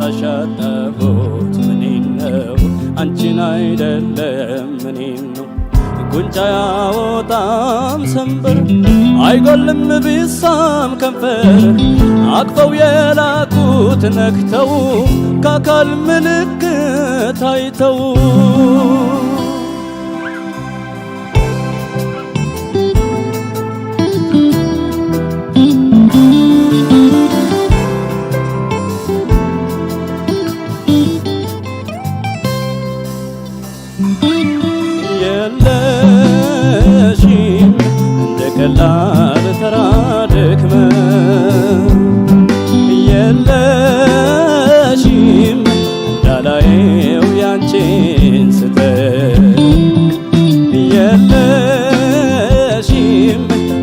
ያጣሻጠፉት ምኔን ነው? አንቺን አይደለም ምኔን ነው? ጉንጫ ያወጣም ሰንበር አይጎልም ቢሳም ከንፈር አቅፈው የላኩት ነክተው ከአካል ምልክት አይተው ድክመት የለሽም እንዳላየው ያንቺን ስህተት የለሽም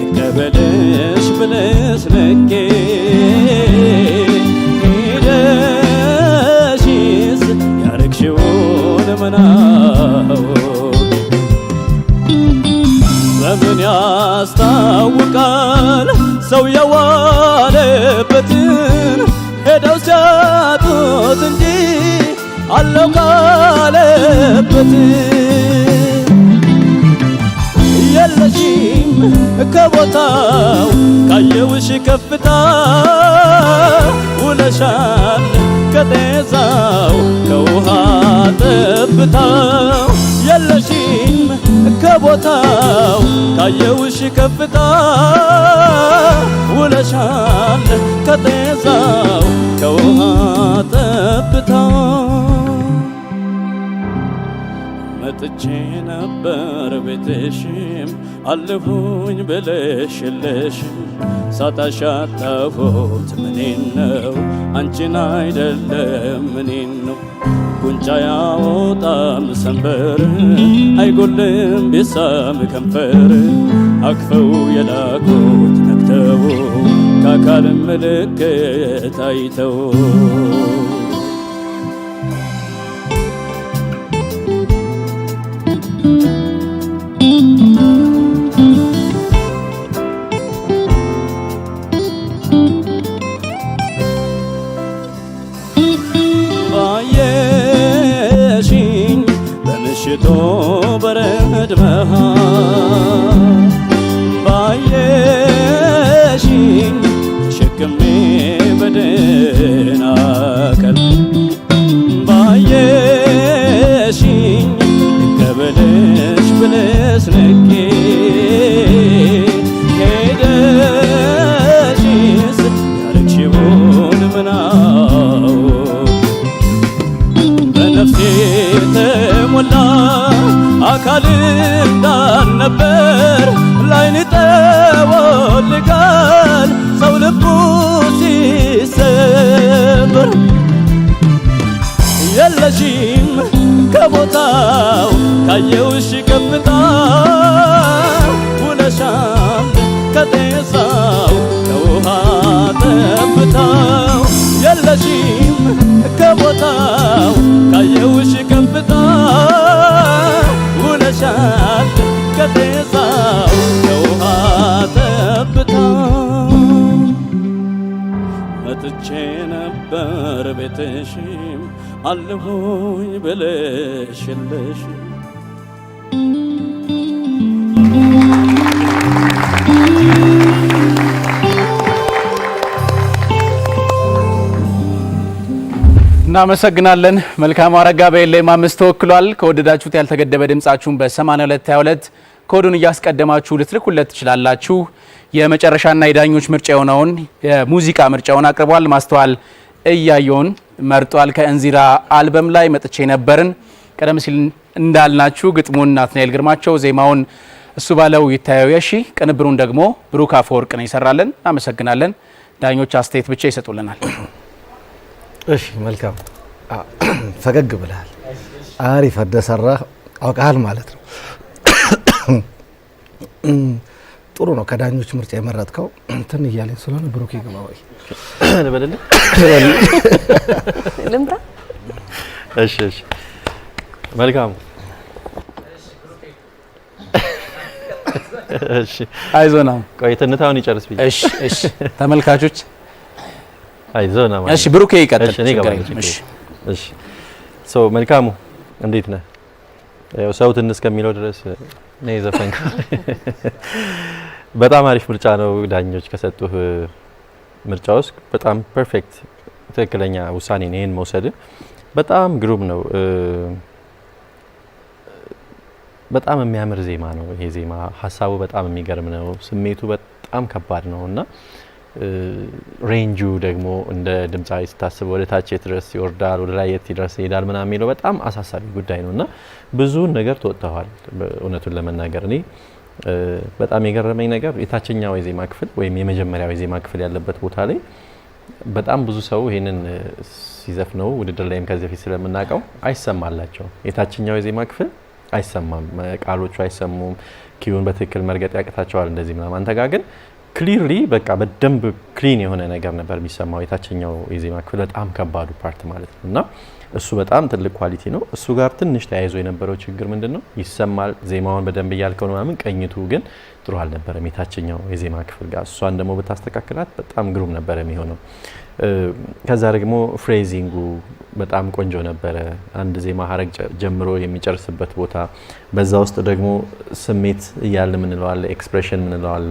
ልቀበልሽ ብለሽ ነቄ ሂደሽስ ያረግሽውን ምና ሕይወት የለሽም ከቦታው ካየውሽ ከፍታ ውለሻል ከጤዛው ከውሃ ጠብታው የለሽም ከቦታው ካየውሽ ከፍታ ውለሻል ከጤዛው ወድጄ ነበር ቤትሽም አለፉኝ ብለሽለሽ ሳታሻጠፉት ምኔን ነው አንቺን አይደለም ምኔን ነው ጉንጫ ያወጣም ሰንበር አይጎልም ቢሳም ከንፈር አክፈው የላኩት ነክተው ከአካል ምልክት አይተው ከፍታው ካየውሽ ከፍታ ውለሻል ከጤዛው ከውሃ ጠብታ መጥቼ ነበር ቤትሽም አለሁኝ ብለሽለሽ እናመሰግናለን። መልካሙ አረጋ በኤሌም አምስት ተወክሏል። ከወደዳችሁት ያልተገደበ ድምጻችሁን በ8222 ኮዱን እያስቀደማችሁ ልትልኩለት ትችላላችሁ። የመጨረሻና የዳኞች ምርጫ የሆነውን የሙዚቃ ምርጫውን አቅርቧል። ማስተዋል እያየውን መርጧል። ከእንዚራ አልበም ላይ መጥቼ ነበርን። ቀደም ሲል እንዳልናችሁ ግጥሙን ናትናኤል ግርማቸው፣ ዜማውን እሱ ባለው ይታየው የሺ፣ ቅንብሩን ደግሞ ብሩክ አፈወርቅ ነው ይሰራለን። እናመሰግናለን። ዳኞች አስተያየት ብቻ ይሰጡልናል። እሺ መልካም ፈገግ ብለሃል። አሪፍ እንደሰራህ አውቃሃል ማለት ነው። ጥሩ ነው። ከዳኞች ምርጫ የመረጥከው እንትን እያለኝ ስለሆነ ብሩክ ይግባ ወይ ልምጣ። እሺ እሺ፣ መልካም እሺ። አይዞናም ቆይ ትንታውን ይጨርስ ብዬ። እሺ እሺ፣ ተመልካቾች እሺ፣ ብሩኬ ይቀጥል። መልካሙ እንዴት ነህ? ሰው ትንስ ከሚለው ድረስ ነው የዘፈንክ። በጣም አሪፍ ምርጫ ነው። ዳኞች ከሰጡህ ምርጫ ውስጥ በጣም ፐርፌክት ትክክለኛ ውሳኔ ነው። ይሄን መውሰድ በጣም ግሩም ነው። በጣም የሚያምር ዜማ ነው ይሄ ዜማ። ሀሳቡ በጣም የሚገርም ነው። ስሜቱ በጣም ከባድ ነው እና ሬንጁ ደግሞ እንደ ድምፃዊ ስታስብ ወደ ታች የት ድረስ ይወርዳል፣ ወደ ላይ የት ድረስ ይሄዳል ምናምን የሚለው በጣም አሳሳቢ ጉዳይ ነው እና ብዙ ነገር ተወጥተዋል። እውነቱን ለመናገር እኔ በጣም የገረመኝ ነገር የታችኛው የዜማ ክፍል ወይም የመጀመሪያው የዜማ ክፍል ያለበት ቦታ ላይ በጣም ብዙ ሰው ይህንን ነው ውድድር ላይም ከዚህ በፊት ስለምናውቀው አይሰማላቸው። የታችኛው የዜማ ክፍል አይሰማም፣ ቃሎቹ አይሰሙም፣ ኪዩን በትክክል መርገጥ ያቅታቸዋል እንደዚህ ምናምን። አንተ ግን ክሊርሊ በቃ በደንብ ክሊን የሆነ ነገር ነበር የሚሰማው የታችኛው የዜማ ክፍል በጣም ከባዱ ፓርት ማለት ነው እና እሱ በጣም ትልቅ ኳሊቲ ነው። እሱ ጋር ትንሽ ተያይዞ የነበረው ችግር ምንድን ነው? ይሰማል ዜማውን በደንብ እያልከው ነው ምናምን፣ ቀኝቱ ግን ጥሩ አልነበረም የታችኛው የዜማ ክፍል ጋር። እሷን ደግሞ ብታስተካክላት በጣም ግሩም ነበረ የሚሆነው። ከዛ ደግሞ ፍሬዚንጉ በጣም ቆንጆ ነበረ። አንድ ዜማ ሀረግ ጀምሮ የሚጨርስበት ቦታ፣ በዛ ውስጥ ደግሞ ስሜት እያለ ምንለዋለ፣ ኤክስፕሬሽን ምንለዋለ፣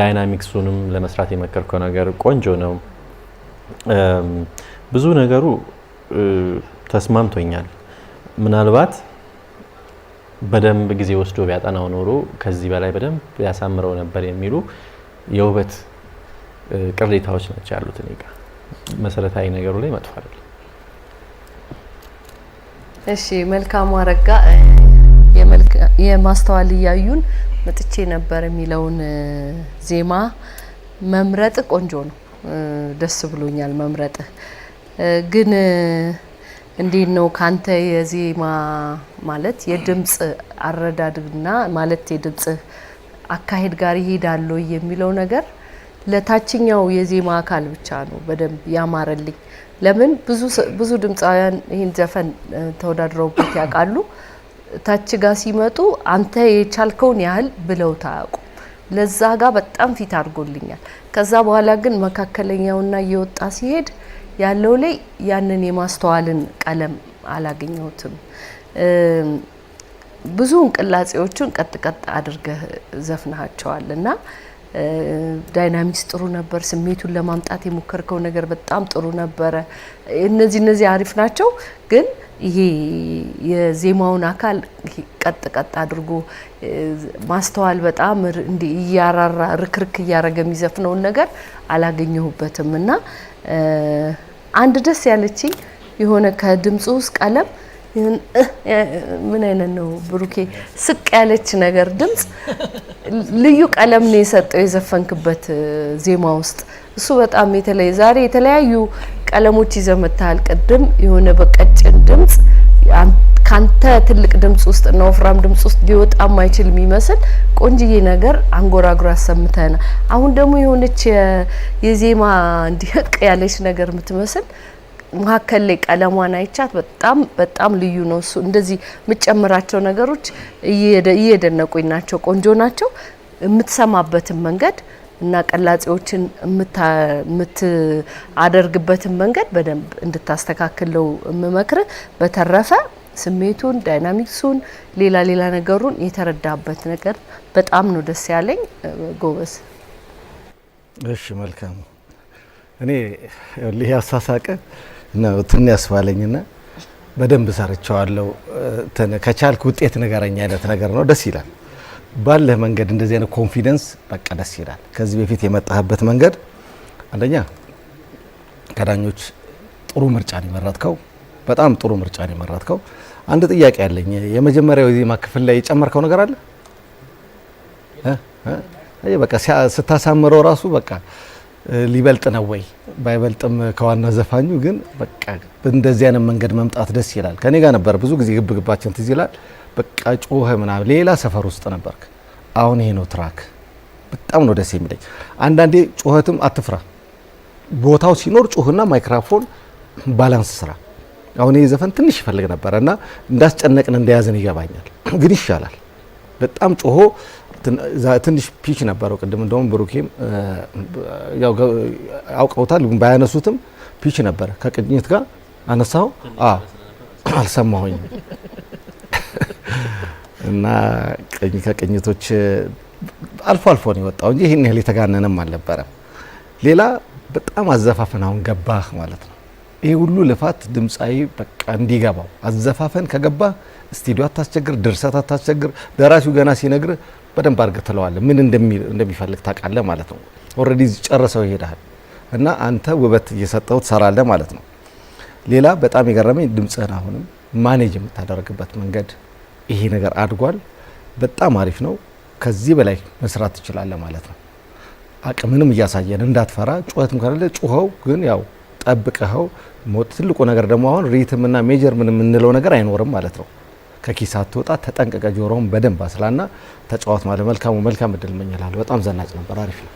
ዳይናሚክሱንም ለመስራት የመከርከው ነገር ቆንጆ ነው ብዙ ነገሩ ተስማምቶኛል። ምናልባት በደንብ ጊዜ ወስዶ ቢያጠናው ኖሮ ከዚህ በላይ በደንብ ያሳምረው ነበር የሚሉ የውበት ቅሬታዎች ናቸው ያሉት። እኔ ጋ መሰረታዊ ነገሩ ላይ መጥፎ አይደለም። እሺ መልካሙ አረጋ የማስተዋል እያዩን መጥቼ ነበር የሚለውን ዜማ መምረጥ ቆንጆ ነው። ደስ ብሎኛል መምረጥህ። ግን እንዴት ነው ካንተ የዜማ ማለት የድምጽ አረዳድና ማለት የድምጽ አካሄድ ጋር ይሄዳል የሚለው ነገር ለታችኛው የዜማ አካል ብቻ ነው በደንብ ያማረልኝ። ለምን ብዙ ድምፃውያን ይህን ዘፈን ተወዳድረውበት ያውቃሉ። ታች ጋር ሲመጡ አንተ የቻልከውን ያህል ብለው ታያውቁ። ለዛ ጋር በጣም ፊት አድርጎልኛል። ከዛ በኋላ ግን መካከለኛውና እየወጣ ሲሄድ ያለው ላይ ያንን የማስተዋልን ቀለም አላገኘሁትም። ብዙውን ቅላጼዎቹን ቀጥ ቀጥ አድርገህ ዘፍናቸዋል እና ዳይናሚክስ ጥሩ ነበር። ስሜቱን ለማምጣት የሞከርከው ነገር በጣም ጥሩ ነበረ። እነዚህ እነዚህ አሪፍ ናቸው፣ ግን ይሄ የዜማውን አካል ቀጥ ቀጥ አድርጎ ማስተዋል በጣም እያራራ ርክርክ እያረገ የሚዘፍነውን ነገር አላገኘሁበትም እና አንድ ደስ ያለችኝ የሆነ ከድምፁ ውስጥ ቀለም ምን አይነት ነው ብሩኬ? ስቅ ያለች ነገር ድምፅ፣ ልዩ ቀለም ነው የሰጠው የዘፈንክበት ዜማ ውስጥ። እሱ በጣም የተለየ ዛሬ የተለያዩ ቀለሞች ይዘህ ቅድም የሆነ በቀጭን ድምፅ ካንተ ትልቅ ድምጽ ውስጥ ነው ወፍራም ድምጽ ውስጥ ሊወጣ ማይችል የሚመስል ቆንጅዬ ነገር አንጎራጉራ አሰምተና አሁን ደግሞ የሆነች የዜማ እንዲህቅ ያለች ነገር የምትመስል መካከል ላይ ቀለሟን አይቻት በጣም በጣም ልዩ ነው። እሱ እንደዚህ የምጨምራቸው ነገሮች እየደነቁኝ ናቸው። ቆንጆ ናቸው። የምትሰማበትን መንገድ እና ቀላጼዎችን የምታደርግበትን መንገድ በደንብ እንድታስተካክለው የምመክር። በተረፈ ስሜቱን፣ ዳይናሚክሱን፣ ሌላ ሌላ ነገሩን የተረዳበት ነገር በጣም ነው ደስ ያለኝ። ጎበዝ። እሺ መልካም። እኔ ይህ አሳሳቀ ነው ትን ያስባለኝና በደንብ ሰርቸዋለሁ። ከቻልክ ውጤት ንገረኝ አይነት ነገር ነው። ደስ ይላል። ባለህ መንገድ እንደዚህ አይነት ኮንፊደንስ በቃ ደስ ይላል። ከዚህ በፊት የመጣህበት መንገድ አንደኛ ከዳኞች ጥሩ ምርጫ ነው የመረጥከው። በጣም ጥሩ ምርጫ ነው የመረጥከው። አንድ ጥያቄ ያለኝ የመጀመሪያው የዜማ ክፍል ላይ የጨመርከው ነገር አለ? በቃ ስታሳምረው ራሱ በቃ ሊበልጥ ነው ወይ? ባይበልጥም ከዋና ዘፋኙ ግን በቃ እንደዚህ አይነት መንገድ መምጣት ደስ ይላል። ከኔ ጋር ነበር ብዙ ጊዜ ግብግባችን ትዝ ይላል። በቃ ጮኸ ምናምን፣ ሌላ ሰፈር ውስጥ ነበርክ። አሁን ይሄ ነው ትራክ። በጣም ነው ደስ የሚለኝ። አንዳንዴ ጩኸትም አትፍራ። ቦታው ሲኖር ጩህና ማይክራፎን ባላንስ ስራ አሁን ይህ ዘፈን ትንሽ ይፈልግ ነበረ እና እንዳስጨነቅን እንደያዝን ይገባኛል፣ ግን ይሻላል። በጣም ጮሆ ትንሽ ፒች ነበረው። ቅድም እንደውም ብሩኬም አውቀውታል፣ ባያነሱትም ፒች ነበረ። ከቅኝት ጋር አነሳው አልሰማሁኝም እና ከቅኝቶች አልፎ አልፎ ነው የወጣው እንጂ ይህን ያህል የተጋነነም አልነበረም። ሌላ በጣም አዘፋፍን አሁን ገባህ ማለት ነው ይህ ሁሉ ልፋት ድምፃዊ በቃ እንዲገባው አዘፋፈን ከገባ ስቱዲዮ አታስቸግር፣ ድርሰት አታስቸግር። ደራሲው ገና ሲነግር በደንብ አድርገህ ትለዋለህ፣ ምን እንደሚፈልግ ታውቃለህ ማለት ነው። ኦልሬዲ ጨርሰው ይሄዳል እና አንተ ውበት እየሰጠው ትሰራለህ ማለት ነው። ሌላ በጣም የገረመኝ ድምፅህን አሁንም ማኔጅ የምታደርግበት መንገድ ይሄ ነገር አድጓል። በጣም አሪፍ ነው። ከዚህ በላይ መስራት ትችላለህ ማለት ነው። አቅምንም እያሳየን እንዳትፈራ። ጩኸትም ካለ ጩኸው ግን ያው ጠብቀኸው ሞት ትልቁ ነገር ደግሞ አሁን ሪትምና ሜጀር ምን የምንለው ነገር አይኖርም ማለት ነው። ከኪስ አትወጣ ተጠንቀቀ። ጆሮውን በደንብ አስላና ተጫዋት ማለት መልካሙ መልካም እድል መኛል። በጣም ዘናጭ ነበር። አሪፍ ነው።